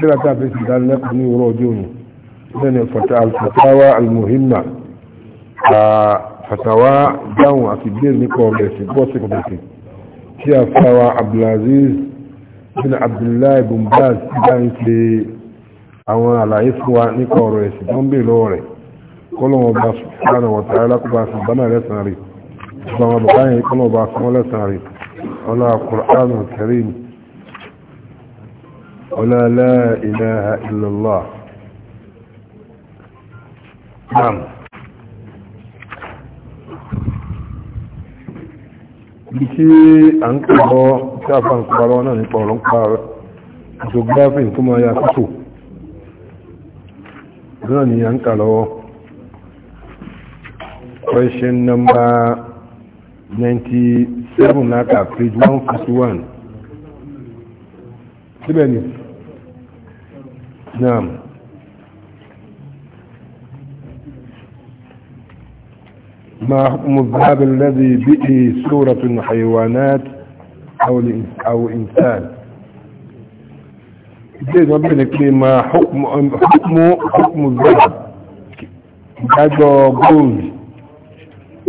kira ta fi sidan na kuni wuro jini ita ne fatawa al-muhimma a fatawa dáhùn àti bíl ní kọ̀ọ̀lẹ̀sì bọ́sì kọ̀ọ̀lẹ̀sì tí a fáwa abdulaziz bin abdullahi bin baz ti bá ń ṣe àwọn àlàyé fún wa ní kọ̀ọ̀lẹ̀sì tó ń bè lọ́wọ́ rẹ̀ kọ́lọ̀wọ́ bá sùpánà wọ̀ta alákùbá sí bánà lẹ́sàn rí ṣùgbọ́n wọn bàbá yẹn kọ́lọ̀wọ́ bá sùpánà lẹ́sàn rí ọlá kùránù kẹrin ولا لا إله إلا الله نعم bíkí à ń kọ́ tí a fa nǹkan ara náà nípa ọ̀rọ̀ ń pa photography tó máa ya fífò náà ni à ń kà lọ́wọ́ question number 97 láta page 151 síbẹ̀ ni نعم ما حكم الذهب الذي به سورة حيوانات أو أو إنسان جيد ربنا لي ما حكم حكم حكم الذهب هذا جولد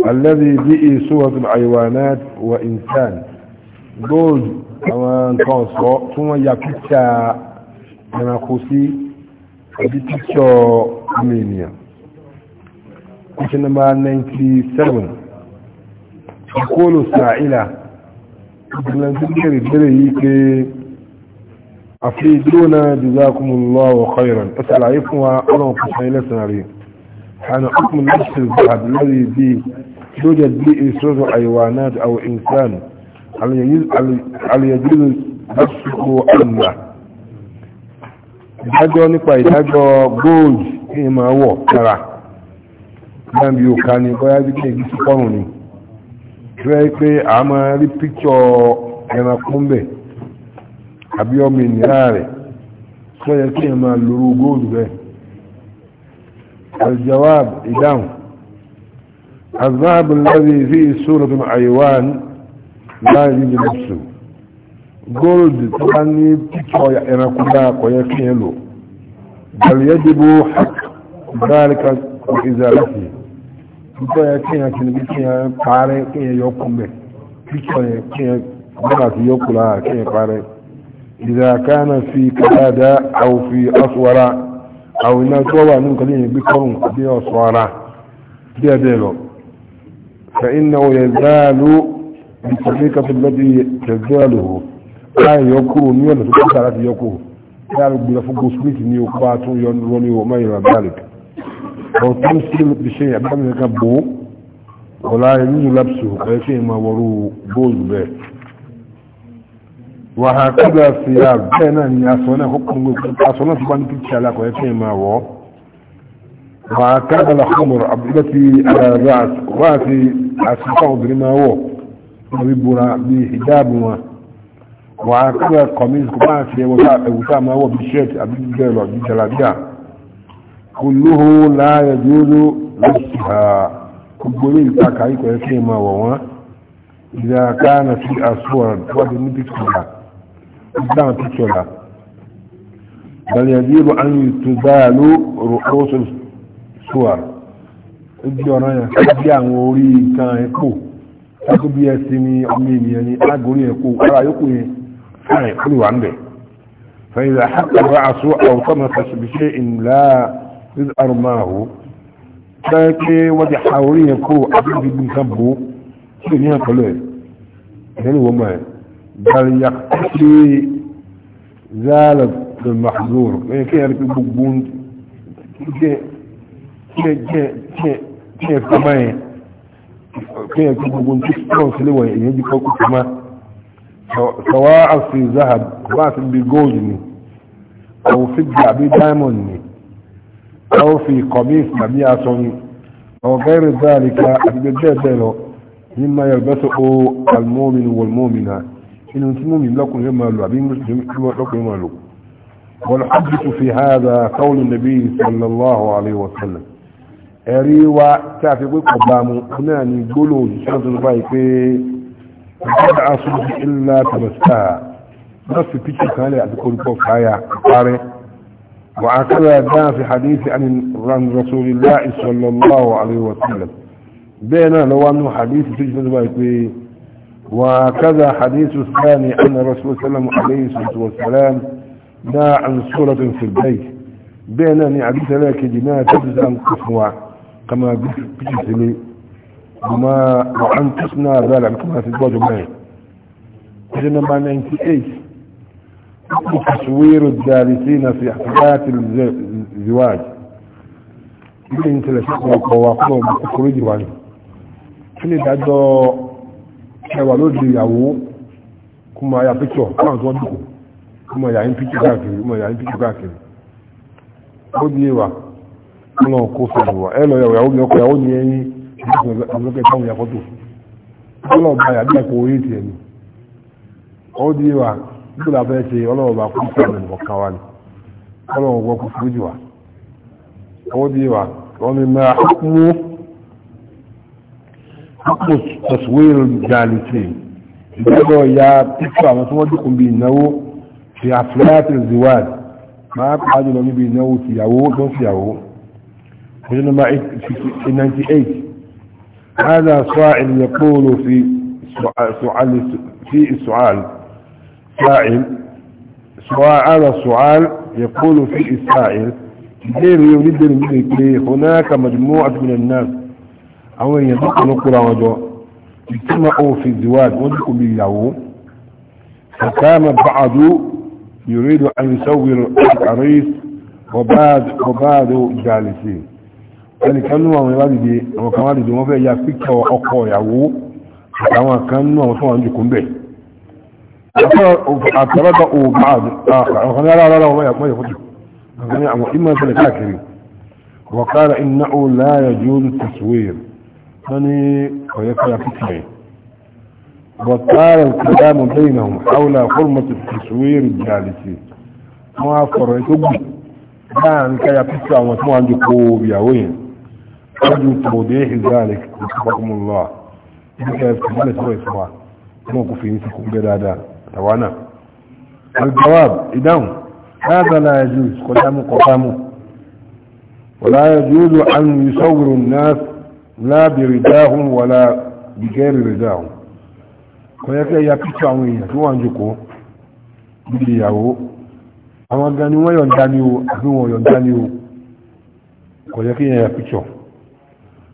الذي به سورة الحيوانات وإنسان جولد كمان كونسو ثم يكتشف ẹranko sí ẹbí tíṣọ́ ọmọ ènìyàn question number 97 ìkóòlò sàáìlà ìgbìmọ̀ tí bẹ̀rẹ̀ bẹ̀rẹ̀ yìí pé àfihàn jazakumullahu khairan ẹsàlàyé fún wa ọlọ́run kò sàn ilẹ̀ sàn rí àna ọkùnrin náà ṣe zahab lórí bí lójà bí ìṣòro àyíwá náà àwọn ìnsán àlùyẹ̀dúró lọ́sùkú àmà ìdájọ́ nípa ìdájọ́ gold kí ni máa wọ̀ kára náà bí òka ni bóyá bí kí ègúsí pọ́rùn ni rẹ́ pé a máa rí píkṣọ̀ ẹranko ń bẹ̀ àbí ọmọ ènìyàn rẹ̀ tó yẹ kí èèyàn máa lòrú gold bẹ́ẹ̀ aljawab ìdáhùn azab lórí sí ìṣòro tó àyíwá láàrin jẹ́ lọ́pùsù gold tó bá ní píkọ̀ ẹranko náà kò yẹ kí ẹ lò bẹ̀rẹ̀ yẹ dìbò dáríkà ìzàlẹ́sì píkọ̀ yẹ kí ẹ kìnnìkì kí ẹ parẹ́ kí ẹ yọ kún bẹ̀ píkọ̀ yẹ kí ẹ bọ́nà sí yọ kúlá kí ẹ parẹ́ ìzàkánà fi kàdá àwọn fi ọ̀ṣọ́ra àwọn iná tó wà ní nǹkan lẹ́yìn bí kọ́rùn àbí ọ̀ṣọ́ra díẹ̀ díẹ̀ lọ فإنه يزال بطريقة التي تزاله láì yọ kúrò ní ọ̀nà tó tó sára ti yọ kúrò ní àrùgbìnà fún gosplit ní okó bá tún yọ lọ ní ọmọ ìrìn àbálẹ̀ ọ̀ tó ń sí lóbi ṣe àbámi kan bò ó ọ̀la nínú lápsù ọ̀yẹ́ kí n máa wọrú góòlù bẹ́ẹ̀ wà á kábà sí i bẹ́ẹ̀ náà ni aṣọ náà kó kún gbogbo aṣọ náà tó bá ní píkì alákọ̀ ọ̀yẹ́ kí n máa wọ̀ wà á kábà làkúmọ̀rọ̀ àbúrò ti àrà obìnrin máa wọ̀ wọ́n wà á kí wọ́n kọ̀míìsì kò máa fi ẹ̀wù tá a máa wọ̀ bí ṣẹ́ẹ̀tì àbí bẹ́ẹ̀ lọ bí jàlábíà kò lóho láàyè dúró lọ́sì ha gbogbo ní ìtaka ikọ̀ ẹ̀ fẹ́ máa wọ̀ wọ́n ìdá káàna sí àsùwọ̀n wọ́n ti ní píkìlà ìdáhùn píkìlà بل يجب أن تزال رؤوس الصور ìjọra yẹn bí àwọn orí nǹkan ẹ̀kọ́ tó bí ẹsìn ní ọmọ ènìyàn ní agolo ẹ̀kọ́ ara yòókù yẹn كان يقلوا عنده فإذا حق الرأس أو طمس بشيء لا يذأر معه فكي ودي حاولين يكو عبد بن سبو سنين قليل يعني وما بل يقتلي زالت المحظور كي يعرف البقبون كي كي كي كي كي كي كي كي كي كي كي كي كي كي كي سواء في ذهب وقت بجولد او في ابي دايموند او في قميص نبي عصوني او غير ذلك بجدله مما يلبسه المؤمن والمؤمنة إنه المؤمن لكم يما له أبي مسلم لكم يما له والحدث في هذا قول النبي صلى الله عليه وسلم أريوا تعفقوا قبامه هنا نقولوا شخص رأيك ọ̀gbọ́n aṣojú ilá tàbátà náà fi píkì kalẹ̀ àti korúkọ fàyà parẹ́ وعكذا جاء في حديث عن رسول الله صلى الله عليه وسلم بينا لو أنه حديث تجد بيكوي وكذا حديث الثاني أن رسول صلى الله عليه وسلم ناء عن سورة في البيت بينا نعبث لك جناة تجزم قفوة كما بيكتلي وما وأن تصنع ذلك كما تزوج معي إذن ما 98 تصوير الجالسين في حفلات الزواج إذن أنت لشكوى قواقلهم تخرجوا عنه kílè dájọ́ ẹwà lóde ìyàwó kó máa ya píkṣọ̀ fáwọn tó dùkù kó máa yà ń píkṣọ̀ káàkiri kó máa yà ń píkṣọ̀ káàkiri ó di ẹwà ọlọ́run kó fẹ̀lẹ̀ wà ẹ lọ yàwó yàwó yàwó ní ẹyin ọlọ́pẹ́ táwọn yàkọ́tò ọlọ́ọ̀bá yà bí ẹ̀kọ́ orí tiẹ̀ ni ó di wa nígbà la fẹ́ ṣe ọlọ́ọ̀bá kún fún ọ̀nà ìwọ̀kan wa ni ọlọ́ọ̀bá kún fún jù wa ó di wa wọ́n ni máa mú tọ̀síwéèrè jàlìtì ìgbẹ́jọ́ ya pípọ̀ àwọn tí wọ́n dúkùn bí ìnáwó ti àfúráàtì ziwáàdì máa pàájù lọ níbi ìnáwó tìyàwó tó ń fìyàwó 1998 هذا سائل يقول في سؤال في السؤال سائل سؤال سؤال يقول في السائل غير يريد الملك هناك مجموعة من الناس أو يدخل قرى وجو اجتمعوا في الزواج ودخلوا بالله فكان بعض يريد أن يصور العريس وبعض وبعض جالسين ẹni kan nú àwọn ìwádìí àwọn kan wádìí wọ́n fẹ́ ya píkẹ́ ọkọ ìyàwó àtàwọn kan nú àwọn tó wà ń jùkú ń bẹ̀ àtàrọ́dọ̀ òbáàdì àwọn kan ní ara rárá wọ́n yà pọ́ ìfọ́tò àwọn وقال إنه لا يجوز التصوير يعني ويكفي فتنه وقال الكلام بينهم حول حرمة التصوير الجالسي ما فرقوا يعني كي يفتح وما عندك يا وين أرجو توضيح ذلك وفقكم الله إذا يفتحون سوى سوى موقف ينسكم بلادا توانا الجواب إذا هذا لا يجوز قدام قدام ولا يجوز أن يصور الناس لا برداهم ولا بغير رداهم kọ̀yẹ́kẹ́ ya píṣọ àwọn èèyàn tó wà ń jòkó níbi ìyàwó àwọn gan ni wọ́n yọ̀ǹda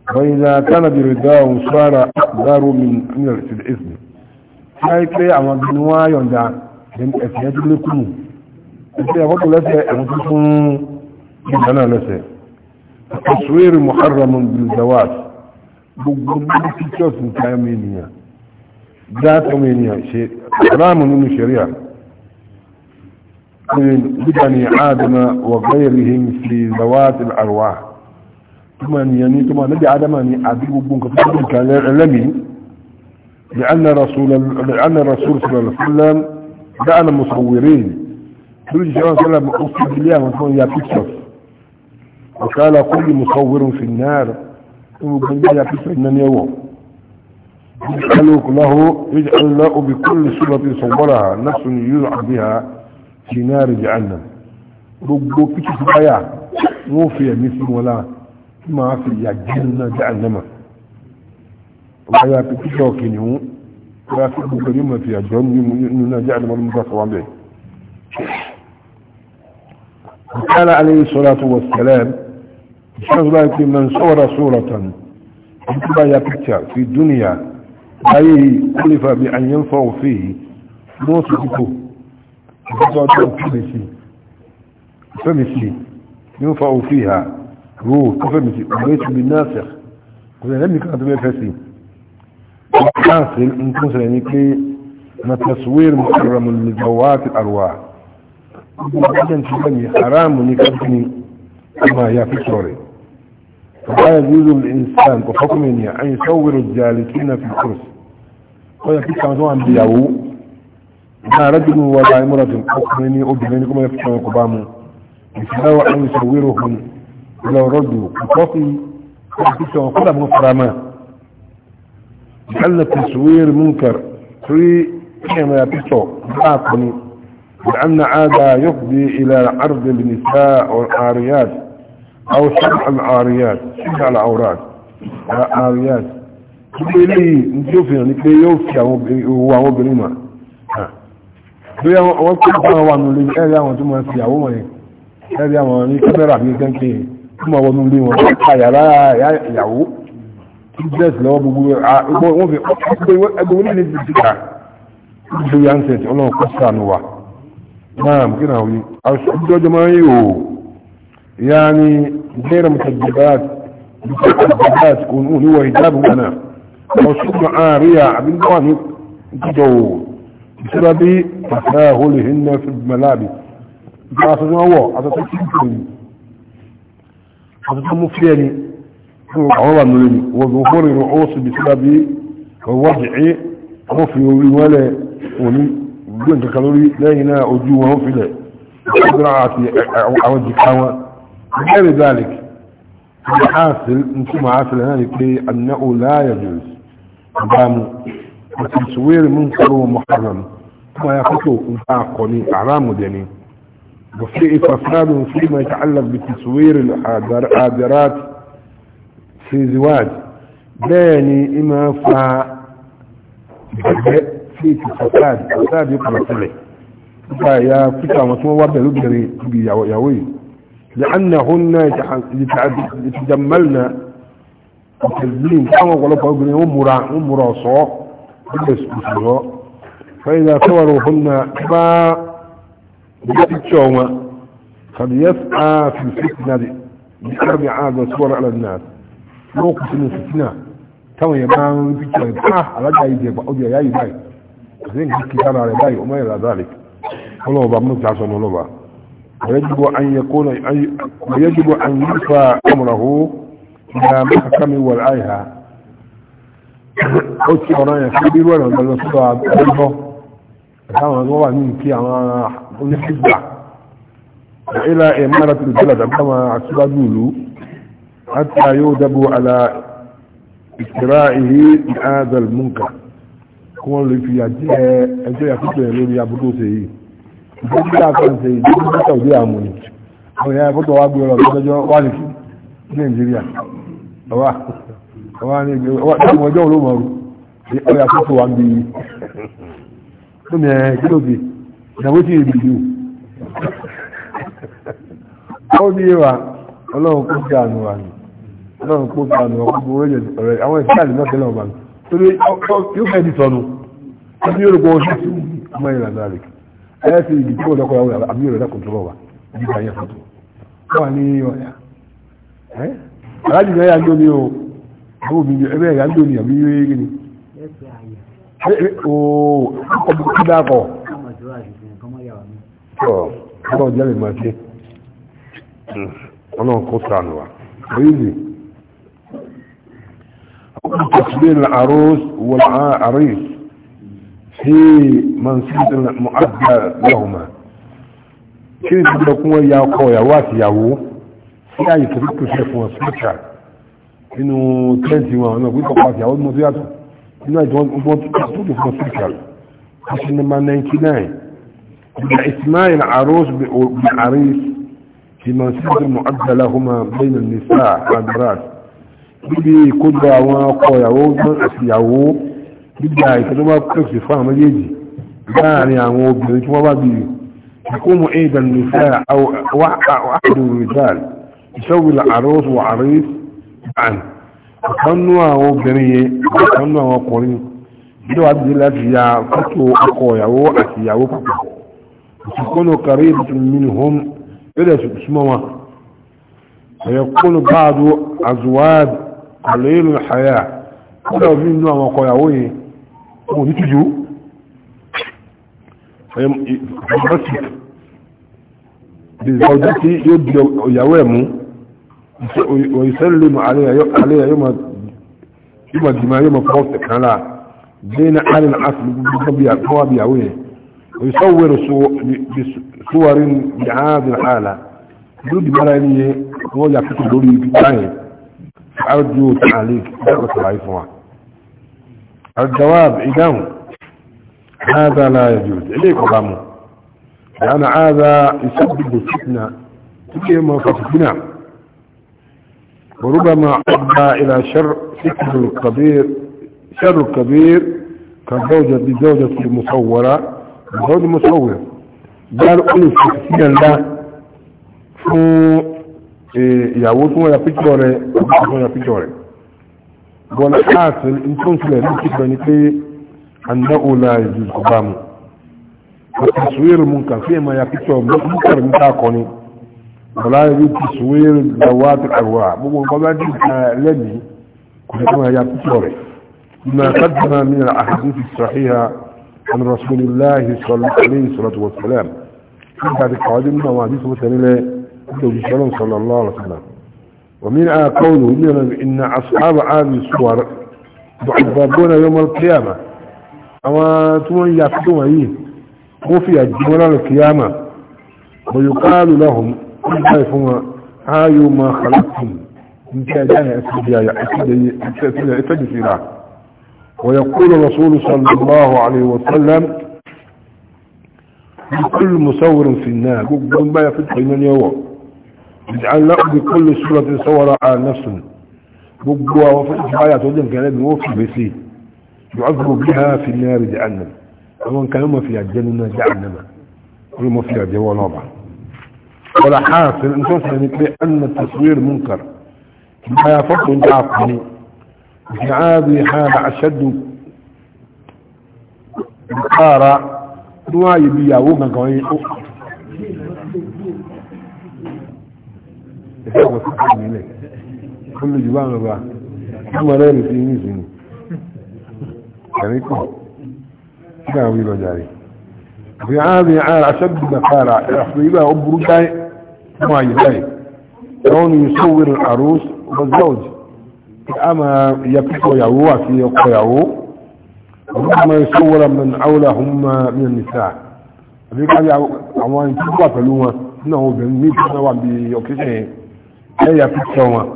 فإذا كان برداه صار أقدر من من الإثم هايك لي أما بنوا يندع لم أتيت لكم أنت أقول لك أنتم أنا لسه التصوير محرم بالزواج بقول لك في شوس كامينيا ذات أمينيا شيء حرام من الشريعة من بدني عادنا وغيرهم في ذوات الأرواح ثم يعني ثم نبي عدم أن عدو بنك فقط لمن لأن رسول لأن الرسول صلى الله عليه وسلم دعنا مصورين تقول صلى الله عليه وسلم أصب يا بيكسر وقال كل مصور في النار يقول يا بيكسر إنني هو يجعلوك له يجعل الله بكل سورة صورها نفس يزع بها في نار جهنم ربو بيكسر بيا مو في مثل ولا máa fi ìyà jẹ́nà jahannama wọ́n yá fi kíkọ́ kìnìún wọ́n yá fi gbogbo ní mọ̀ fi àjọ nínú jahannama ní mọ́ta sọ́wọ́n bẹ̀. قال عليه الصلاة والسلام شخص لا من صور صورة يكتب يا بيكتر في الدنيا أي كلف بأن ينفع فيه نوصفه فمثلي ينفع فيها روح كفر مثل وليس بالناسخ قلت لم يكن هذا فاسي الحاصل ان كنت يعني ما تصوير محرم لذوات الارواح وبعدين شبني حرام نكتني كما هي في سوري فلا يجوز للانسان بحكم ان يصور الجالسين في الكرسي ويا في كما زمان بيو ما رجل ولا امرأة أخرين أبنين كما يفتحون قبامه يتلاوى أن يصورهم لرد قطفي حتى وقل ابو فرما قال تسوير منكر في كما يتو باقني لأن عادة يفضي إلى عرض النساء والعاريات أو سبع العاريات سبع العورات العاريات تقول لي نشوف يعني كي يوفي هو هو مبلما ويقول لي أنا وانو لي أيها وانتو ما سيعوه هذه أمامي كبيرا في كنكي kuma wọnú ilé wọn ká yàrá ìyàwó tí dẹ́sì lọ́wọ́ gbogbo wọn fi ẹgbẹ́ wọn ní ìdíkà ìdíkà yansẹ̀tì ọlọ́run kó sànù wa náà mú kí náà wí àṣọjọ́ máa ń yò ìyá ni gbẹ́rẹ̀ mutajibat mutajibat òun níwọ̀ ìjáàbù kanáà ọ̀ṣùgbọ́n àríyá àbí náà ní ìjọ wò ìṣúra bí pàṣẹ àhólè hinna fi mẹ́láàbì ìjọ aṣọ tí wọ́n wọ̀ aṣọ tó kí ń kò yìí àtúntò mú fíẹ́ ni fún àwọn wà lórí wọ́n fún ìrìn oṣù bí sílá bí wọ́dì ẹ́ wọ́n fi orí wọn lẹ̀ òní gbé nǹkan lórí lẹ́yìn náà ojú wọn filẹ̀ ìṣẹ́dúrà àti àwọn jìká wọn bẹ́ẹ̀rẹ̀ dalek ìdí àṣìl nítorí àṣìlẹ̀ náà وفي فساد فيما يتعلق بتصوير الحاضرات في زواج باني إما فا في فساد فساد يقرأ عليه فيا فكرة مطمئة وردة لبنري بيعوي لأنهن يتجملن التزمين كما قالوا فأبني أمرا أمرا صوت فإذا صورهن فا picture wọn kàdí yẹ fà fi fitina de ní arabi aago sọ̀rọ̀ ala nà lọ́wọ́ kò sínú fitina táwọn yẹn máa ń picture yẹn fà alájà yìí dẹ̀gbà ọjọ́ yà yìí báyìí kàdí yẹn kì í kára rẹ̀ báyìí ọmọ yẹn làdá rẹ̀ ọlọ́wọ́ bá mú tàṣọ ní ọlọ́wọ́ ويجب أن يكون ويجب أن يدفع أمره إلى محكم والعيها ó ti ọ̀rọ̀ yẹn fún bíbélì ọ̀nà lọ sọ́dọ̀ àbúrò táwọn ọmọ wà ní kí àwọn oní ṣígbà ilá ìmára tó tẹ́lá tàbí àṣíwájú ìlú láti ayó dábò ala ìkìrá ìhé ìhádàl múnkà kí wọ́n lè fi àjẹ́ ẹjọ́ ìyàfíṣẹ́ lórí abúrò ṣe yìí ìgbésí àkànṣe ìgbésí sàwùdí àmúni àwọn ìyá ẹ̀fọ́tọ̀ wá gbé ọ̀rọ̀ lọ́jọ́ wà ní nàìjíríà ọwá ọwá ní ọmọ ọjọ́ ìyàwó tí èdè yìí ó ní ìwà ọlọ́run kó gbé àánú wa ni ọlọ́run kó gbé àánú wa kó gbé orílẹ̀ ọ̀rẹ́ àwọn ìṣẹ́ àlè náà tẹ́lẹ̀ ọba mi torí yóò fẹ́ di sọnù àbí yóò gbọ́ oṣù tí ọmọ ìlànà rẹ̀ ẹ̀ ti ìdí tí wọ́n lọ́kọ̀ yàwó àbí yóò rẹ̀ kò tó bọ̀ wá ibi kan yẹn fọ́tò wọ́n wà ní ọ̀yà ẹ́ alájì náà yà ń dóni o àwọn òbí ẹ bẹ́ẹ̀ yà àbí yóò yé kí ni. ọkọ̀ ọlọ́run jẹ́ lè máa ṣe ọlọ́run kó sànù wa rízi ọkùnrin tẹ̀sílẹ̀ àrùs wọlá àrùs sí mansílẹ̀ mọ́àdà lọ́hùnmá kí ni tẹ́lẹ̀ kún ya ọkọ̀ ìyàwó àti ìyàwó sí àyè tó tó ṣe fún ọ̀sọ́ọ̀tà nínú tẹ́ǹtì wọn ọ̀nà pípọ̀ pàtì àwọn ọdún tó nínú àjọ ọgbọ́n tó tó fún ọ̀sọ́ọ̀tà من إسماء العروس بالعريس في منصب المعدة لهما بين النساء والبنات بيبي كل واقع يعود من أسيعه بيبي عايزة ما بتكسي فاهم يجي يعني عمو بيبي ما بدي يقوم عيد النساء أو أحد الرجال يسوي العروس وعريس عنه وكانوا هو بنيه وكانوا هو قرين بيبي عبد الله يا فتو أقوى يا هو أسيعه فتو تكون قريبة منهم إلى اسمه ويكون بعض أزواج قليل الحياة ولو من نوع هو ونتجو فيمسك بزوجتي يبدأ يوامه ويسلم عليها عليها يوم يوم الجماعة يوم فوتك على بين أهل العصر بيعويه ويصور صور بهذه الحالة دود مرانية هو يفتح دوري بتاعي أرجو تعليق دعوة العيفوان الجواب إدام هذا لا يجوز إليك ضامو لأن هذا يسبب الفتنة ما فتنة وربما أدى إلى شر فتن الكبير شر الكبير كزوجة بزوجة المصورة غير مصور دار أول شخصية لا فو ìyàwó tí wọ́n ya píkọ̀ rẹ̀ tí wọ́n ya píkọ̀ rẹ̀ bọ́lá káàtìl ìtúnṣílẹ̀ ní kíkọ̀ ní pé àná òlà ìjù kò bá mu ọ̀tí sùwéèrè mú nǹkan fíìmù ya píkọ̀ mọ́kàr ní káàkọ́ ni bọ́lá ìlú ti sùwéèrè lọ́wọ́ àti gbogbo nǹkan dì ká kò ní kí wọ́n ya rẹ̀ ìmọ̀ àkàdùnmá mi rà àhàdùn ti sàhíhà عن رسول الله صلى الله عليه وسلم والسلام بعد قادمنا وحديث مثلا الله صلى الله عليه وسلم ومن قوله إن أصحاب هذه الصور يعذبون يوم القيامة أما ثم يفتون أيه وفي الجملة القيامة ويقال لهم كيفما هايو ما خلقتم من كان جاهي أسجد يا أسجد يا أسجد يا أسجد ويقول الرسول صلى الله عليه وسلم بكل مصور في النار قل ما يفتح من يوم اجعل لأ بكل سورة صورة على نفسه قل وفتح آيات ودن كلام يوفي بسي يعذب بها في النار جهنم ومن كان هم في الجنة جهنم هم في الجوال وضع ولا حاصل انتو سنتبه ان التصوير منكر ما يفضل انت عقلي عادي حال أشد بقارة نواي بياوما قوي كل جبان ربا كما رأي في نيسين عليكم كاوي لو جاري في عادي حال أشد بقارة أخبيبها أبرو جاي ما يجاي كون يصور العروس والزوج أما يبقى يعو في يبقى يعو وما يصور من حولهم من النساء أبيك على عوان تبقى فلوما إنه بميت نوع بيوكيشين هي يبقى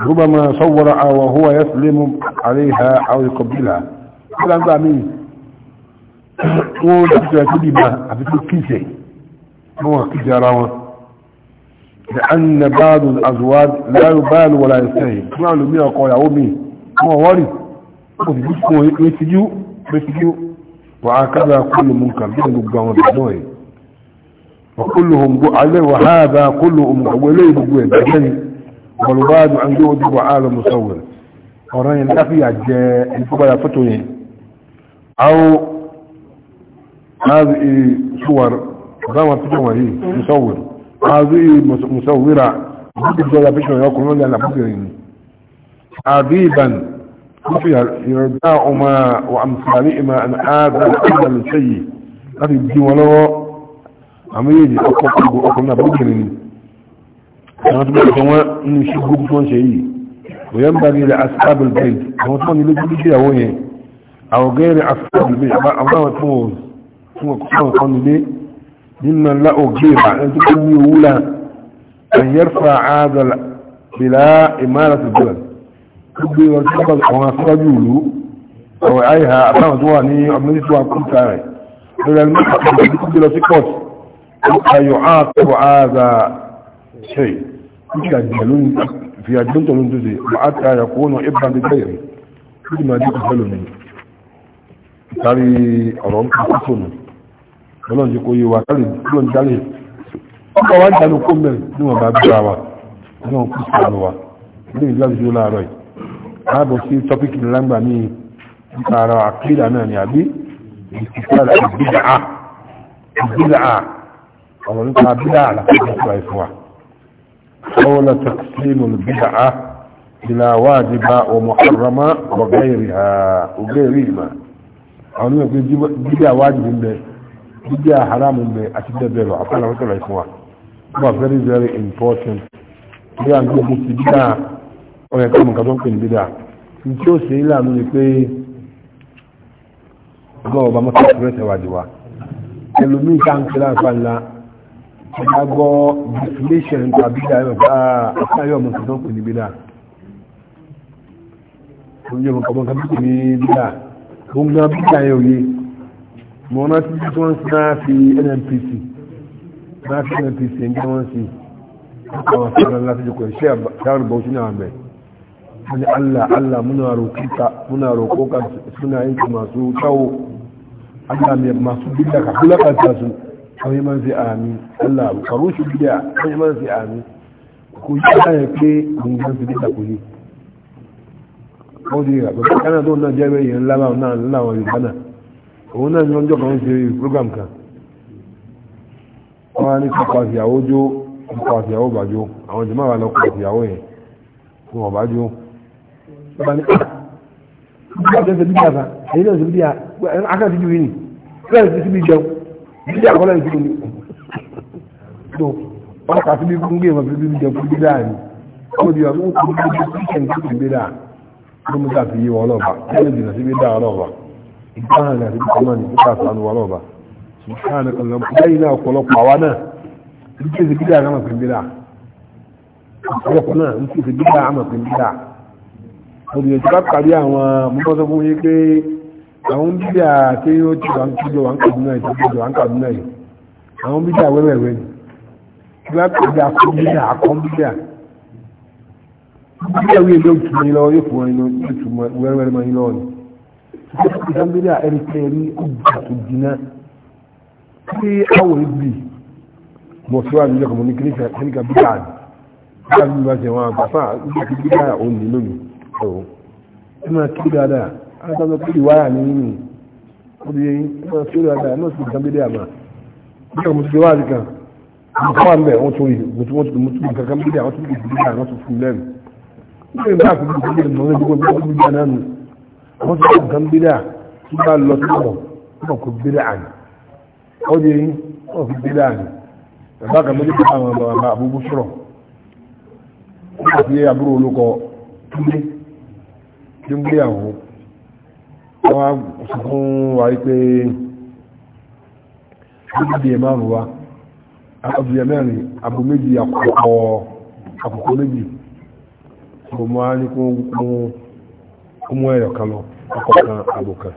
ربما صور وهو يسلم عليها أو يقبلها كلام دامي wọ́n lọ́pọ̀ tí ó bá àbíkú kíṣẹ̀ wọ́n kíṣẹ̀ ara wọn لأن بعض الأزواج لا يبال ولا يستهي ما لمي أقول يومي ما وري يتجو يتجو وهكذا كل منكر بين الجامعة بدوي وكلهم عليه وهذا كلهم وليه بقوين بجن والبعض عن جود وعالم مصور ورأي النفي جاء الفبا يفتوه أو هذه صور غامة تجوه مصور هذه مصورة يجب دولة بشرة يقولون لأن أفكرين عذيبا يرداؤما وأمثالئما أن هذا الأمر من شيء هذه بدي ولو أما يجي أقول أقولنا بكرين أنا تقول كما أن يشبه بشوان شيء وينبغي لأصحاب البيت أنا تقول لي لجي بشي أوي أو غير أصحاب البيت أما تقول ثم كنت أقول لي ممن لا أجير أن تكون يولا أن يرفع هذا بلا إمارة البلد كبير والكبر ونصر يولو أو عيها أبنى دواني أبنى دوان كل تاري إلى المحطة كبير سكوت يعاقب هذا شيء يجعلون في أجنة لندزي وحتى يكون إبنا بغيره كل ما دي تاري أرام أكتونه ọlọ́run ti kó yé wa kálí ọlọ́run jálè ọkọ̀ wa jánu kó mẹ́rin ní wọn bá gbéra wa ọlọ́run kú sí àlọ́ wa ilé ìlú àti ìlú láàárọ̀ yìí láàbọ̀ sí tọ́pìkì ńláńgbà ní nípa ara àkílà náà ni àbí ìsìkára ìbídàá ìbídàá ọ̀rọ̀ nípa bídàá làkàtà ìfọ̀ ìfọ̀ wa قول تقسيم البدعة إلى واجبة ومحرمة وغيرها وغيرهما أنا أقول بدعة واجب jíjẹ́ àhárámù bẹ̀ àti bẹ́ẹ̀ lọ àpẹẹrẹ wa wà very very important bí a ń gbé bíi bídà ọ̀rẹ́ kọ́mù kan tó ń pè ní bídà ní tí ó ṣe é láàánú ni pé ọlọ́wọ́ bá mọ́tò ìṣẹ̀lẹ̀ ìṣẹ̀wádìí wa ẹlòmíì ká ń pè láǹfà ńlá ìgbà gbọ́ deflation tàbí ìdáyọ̀ bá àkáyọ̀ ọmọ tó ń pè ní bídà ó ń yọ̀ ọmọ kan ní bídà ó bídà yẹ̀ òye mo rántí tí wọ́n ti náà fi nnpc náà fi nnpc ń gbé wọ́n sí àwọn sọ́dọ̀ láti jẹ́ kọ̀ọ̀ṣẹ́ àbáwọn bauchi náà bẹ̀ wani allah allah muna roƙoƙa suna yin masu tsawo allah mai masu bidda ka hulakanta su kan yi man fi ami allah ka rushe bidda kan yi man fi ami ku yi ta ya pe mun gan fi bidda ku yi kawai da kana zo nan jami'in labawa nan lawa yi bana òun náà ní ọjọ́ kan ṣe program kan wọ́n á ní kíkọ́ àtìyàwó jó kíkọ́ àtìyàwó bàjó àwọn jẹ́ máa wà lọ́kọ̀ àtìyàwó yẹn fún ọ̀bá jó bàbá ní ah, ọjọ́ ṣe bíbí àbá èyí náà ṣe bíbí akáàtì ju yìí bẹ́ẹ̀ ti síbi jẹun bíbí àkọlẹ̀ ìṣúkú ni tó wọ́n kà síbi fún gbé wọn fi bíbí jẹun fún bíbí dáa ni wọ́n di wọn fún bíbí jẹun fún bíbí dáa ló mú tàbí yé wọn ọlọ́ọ̀bà ìgbàhàn àti ìgbàmọ́ ní pípa àtàánú wa lọ́ba ṣùgbọ́n kan lọ́pọ̀ ọ̀pọ̀lọpọ̀ àwa náà àwọn tí wà ń kíjọ wà ń wà ń yìí àwọn ni tí àkọ́ àkọ́ lọ́wọ́ yóò fún wọn yóò tún ìdán bí i ẹni tẹ́ rí ọgbà tó jiná tí awọ ibi mọ̀ sí wájú lẹ́kọ̀ọ́ ní kíríkà bí dáa bí dáa bí bá ṣe wọn àgbà fáà nígbà tí bí dáa òun nílò ní ẹ̀wọ̀n ẹ máa kí dáadáa adájọ́ pé ìwáyà ní nínú ó di máa kí dáadáa ẹ sì ìdán bí dáa máa bí ọmọ ti wájú kan mo kọ́ àmì bẹ́ẹ̀ wọ́n tó yìí mo tún kankan bí dáa wọ́n tún bí wọ́n ti kọ́ nǹkan bídà tí bá lọ sí ọ̀pọ̀ wọ́n kò bídà àní ó di yín wọ́n fi bídà àní bàbá kan méjì kan àwọn bàbá àbúgbó sọ̀rọ̀ wọ́n àti àbúrò olókọ túnbé túnbé àwọn wọ́n á sọ fún wa pé wọ́n bí ẹ̀ márùn wa àbí ẹ̀ mẹ́rin àbò méjì àkọ́kọ́ àkọ́kọ́ méjì mo máa ní kó mú ẹ̀yọ̀ kan lọ ọkọ̀ kan àbò kan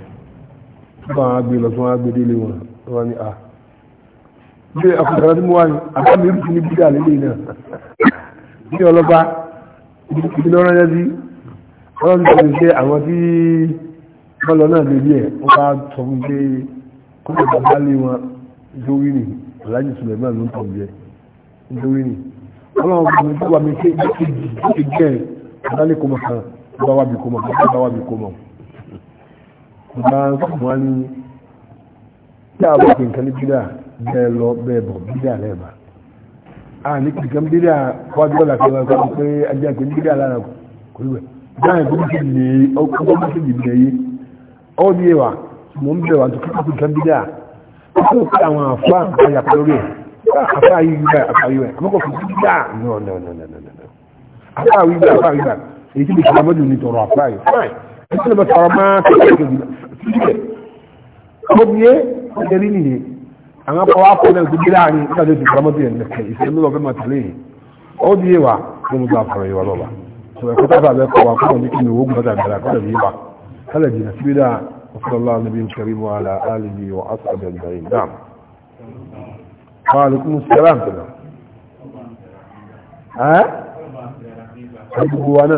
bá wọn gbé lọ tí wọn gbé délé wọn wọn ni a bí ọkùnrin tí mo wá ní àbámi ìrùsí ní bídà lélẹ̀ náà bí ọlọ́ba ibi náà rán yẹ́sí ọlọ́run tó ṣe àwọn tí wọ́n lọ náà lórí ẹ̀ wọ́n bá sọ fún pé kó lè bàbá lé wọn lórí nì aláàjì Suleiman ló ń tọ̀ jẹ lórí nì ọlọ́run tó wà mí ṣe ìgbẹ́kejì ìgbẹ́ àdálẹ́kọ̀ọ́ mọ̀kànlá bá wà bí kó mọ̀ bá wà bí kó mọ̀ bá ń sùn wá ní tí a bá pè nǹkan ní bídà bẹ́ẹ̀ lọ bẹ́ẹ̀ bọ̀ bídà lẹ́ẹ̀bà a ní kìkì kan bídà wájú ọ̀la kí wọ́n kọ́ pé ajá pé bídà lára kò wíwẹ̀ dáhùn tó ti lè ọkọ̀ tó ti lè bẹ̀yẹ ọ́ ní ẹ̀wà mò ń bẹ̀rẹ̀ wà tó kí kan bídà ó kọ́ pé àwọn àfa àyàpọ̀ lórí ẹ̀ àfa yìí gbà àfa yìí gbà àmọ́kọ̀ fún bídà no no no no no àfa yìí gbà àfa yìí gbà èyí tí bìkì amadu ní tọrọ àfáì fine ẹ ti lọ tọrọ máa kékeré sílẹ̀ ọmọdé yẹ ọjọ́ rí nìyẹn àwọn akọwà akọwà náà ti gbé láàrin nígbà tó ti tọrọ mọ́tò yẹn lẹ́kẹ̀ ìṣẹ́ ló lọ́ọ́ fẹ́ máa tẹ̀lé yìí ọmọdé yẹ wa ló ń gba àfàrọ̀ yìí wà lọ́ba ẹ̀kọ́ tábà bẹ́ẹ̀ kọ́ wa kọ́ ní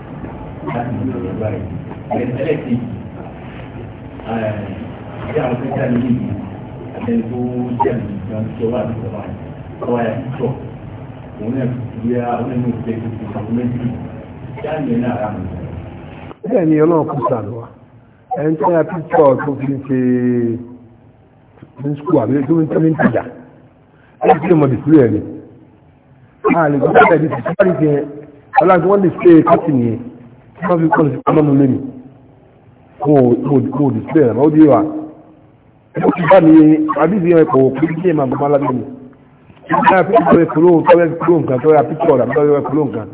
láti ní ọ̀rọ̀ báyìí ẹ̀ẹ́dẹ́lẹ̀ ti ṣe àwọn tó jáde yìí àtẹni tó jáde gan tó wà ní ọ̀rọ̀ báyìí ọ̀rọ̀ ayà òun náà ti yá onínú ìgbẹ́ tuntun àwọn méjì jáde ní ara mi. bẹ́ẹ̀ ni ọlọ́run kò sàlù wa ẹni tó yà pípọ̀ tó fi ṣe ní àbí tó ń tẹ́lẹ̀ ń tẹ̀jà ẹni tó mọ̀ dìkúrú ẹ̀ ni. a lè gbọ́dọ̀ ẹ̀ wọ́n fi kọ́ lọ́nà lẹ́nu kó o display rẹ̀ ó di wa ó ti bá ní àbísí yẹn kò pé kí ẹ̀ máa bọ́ máa lábẹ́ mi ní a fi kọ́ ẹ̀ kúrò tọ́wẹ́ kúrò nǹkan tọ́wẹ́ àpíkọ̀ rẹ̀ àbíkọ̀ kúrò nǹkan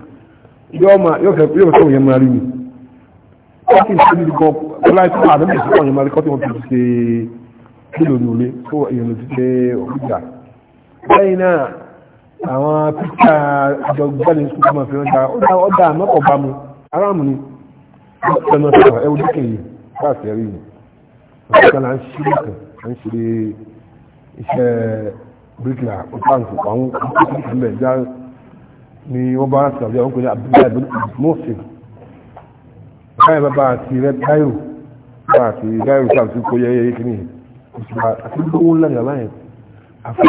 yóò máa yóò fẹ́ yóò fẹ́ òun yẹn máa rí mi wọ́n ti sẹ́ni bí gan ọlá ẹ̀ tó wà lẹ́nu ìsìnkú ọ̀yẹ́ máa rí kọ́tí wọn ti ṣe kílò ní olé tó èèyàn ti ṣe òkúta lẹ́yìn náà àwọn píkà àjọ gbọ́dọ̀ ní sukùl aráàmù ni ọ̀pẹ̀lẹ̀ sọ̀rọ̀ ẹwù dúkẹ́ yìí káàkiri rí ni ọ̀pẹ̀lẹ̀ à ń ṣe dúkẹ́ à ń ṣe iṣẹ́ bíríkìlà ọ̀páǹkì àwọn akẹ́kọ̀ọ́ mẹ́ já ni wọ́n bá sàbí àwọn kòjá abdullahi mọ́sìn báyìí bá bá àti rẹ dáìrò bá àti dáìrò sáà sí kóyẹ yẹ kí ni àti gbogbo ńlá ni bàbá yẹn àfẹ́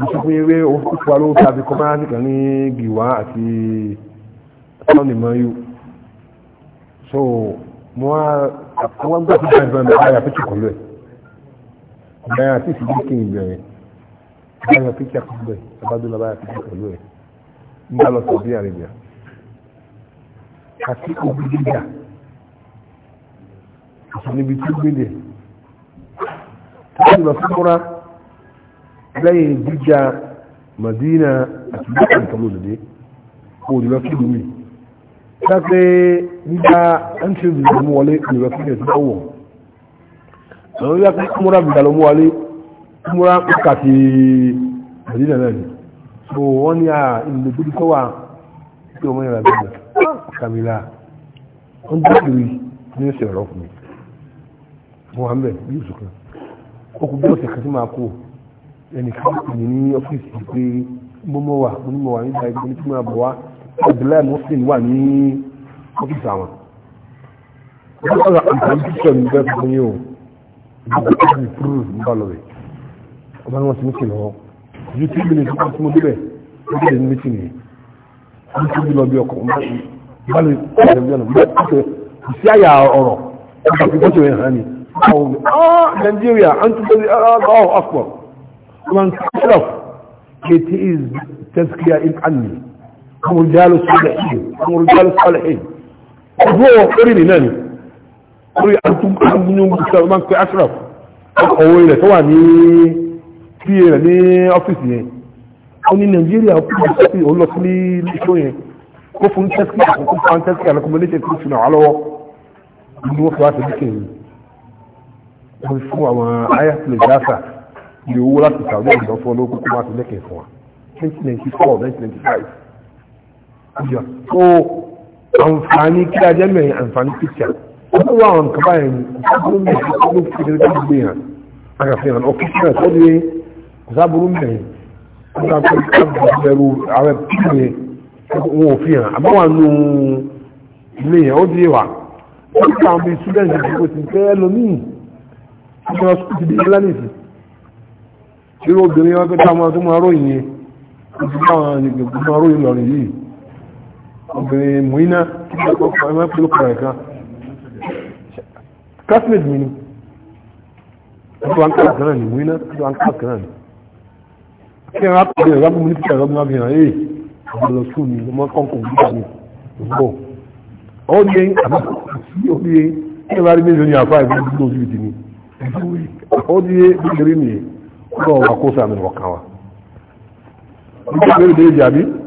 nítorí ewé òkúpa ló tàbí kọmáàtì kan ní gìwá àti sọ́ọ̀nì mọ́yú so wọ́n gbà fún ìgbà ìgbà ayà pẹ́kì kọlu ẹ̀ báyà tí ìsìnkú kí n bẹ̀rẹ̀ báyà pẹ́kì kọlu ẹ̀ abádọ́lá báyà pẹ́kì kọlu ẹ̀ ń bá lọ sọ̀bí àrẹ̀bíà àti òbí gíga àti níbi tí ó gbélé tí wọ́n lọ sí múra lẹ́yìn jíjà Madina àti bíkà nǹkan lòdìdé kò ní lọ́kì lómi sáfẹ́ nígbà ẹnṣin ìlú mú wọlé ní lọ́kì lè tó wọ̀ àwọn ìyá pé kúmúra bìdà ló mú wọlé kúmúra kà sí Madina náà ni so wọ́n ní à ah, ìlú tó kọ́wà tí ọmọ yàrá gbẹ̀gbẹ̀ ah, kàmìlà ó ń dàbí ní ìṣẹ̀rọ̀ fún mi Muhammed Yusuf ó kú bí ọ̀sẹ̀ kan sí máa kú o ẹnìkan kò ní ní ọ́fíìsì pé gbọ́mọ́ wà mo ní mo wà nígbà ìgbà tí mo máa bọ̀ wá abdullahi muslim wà ní ọ́fíìsì àwọn. wọ́n sọ àwọn àǹfààní píṣọ̀ ní bẹ́ẹ̀ fún yín o ìgbà tí mo fúru ń bá lọ rẹ̀ ọba ni wọ́n ti mú sí lọ́wọ́ ojú tí mi ní ìjọba tí mo débẹ̀ ó dé ní mítì nìyí wọ́n ti bí lọ bí ọkọ̀ balẹ̀ ìṣẹ́ àyà ọ̀rọ̀ Nàìjíríà, Nàìjíríà, Nàìjíríà, Nàìjíríà, ومن كشف it is تزكية عني هم رجال الصالحين هم رجال الصالحين هو قريني ناني قري أنتم أهم يوم من كشف ọ̀wọ̀lẹ̀ tó wà ní pa rẹ̀ ní ọ́fíìsì yẹn ó ní nàìjíríà pọ́lọ́sí olóòtú ní iṣó yẹn kó fún tẹ́sí àkókò fún tẹ́sí àlọ́kọ́mọlẹ́sẹ̀ tó ṣùnà wà lọ́wọ́ ní wọ́n fi wá sí díkẹ̀ yìí wọ́n fún àwọn ayatollah ní owó láti sàwọn ìjọ fún olókùn kó má ti lẹ́kẹ̀ẹ́ fún wa 1994 1995 ọjọ́ tó àǹfààní kí ajẹ́ mẹ́rin àǹfààní píkà wọ́n wá àwọn nǹkan báyìí ní ọ̀sáburú mẹ́rin tó ló fi gẹ́gẹ́ gbé hàn àgàfẹ́ hàn ọ̀kí sílẹ̀ tó lé ọ̀sáburú mẹ́rin ọ̀sá tó bẹ̀rù ààrẹ píkà wọn ò fi hàn àbáwá nù ilé yẹn ó di wà ó ti kà àwọn bíi irú obìnrin wọn pẹ́ta ọmọ tó máa ròyìn yẹn ojú táwọn ìgbìgbò máa ròyìn lọ́rìn yìí obìnrin mùínà ẹgbẹ́ pẹ̀lú kọ̀rọ̀ ẹ̀kan classmate mi ni ẹgbẹ́ wọn kàkà náà ni mùínà ẹgbẹ́ wọn kàkà náà ni kí ẹran àpàdé ẹ̀rọ abúlé pípa ẹ̀rọ abúlé hàn éè ọ̀gbọ̀n lọ sùn ní ọmọ kọ́ńkọ́ òbíkà ni ìbọ̀ ọ́ ní ẹ̀yìn àbúkù sí orí ẹ̀ ẹ̀ bá rí méjì ní àfáà ìbúdó ojú ìdí ni ọ́ ní ẹ̀ bí lọ́wọ́ wa kó sàmì ọ̀kan wa nígbà mẹ́rin dé jàbí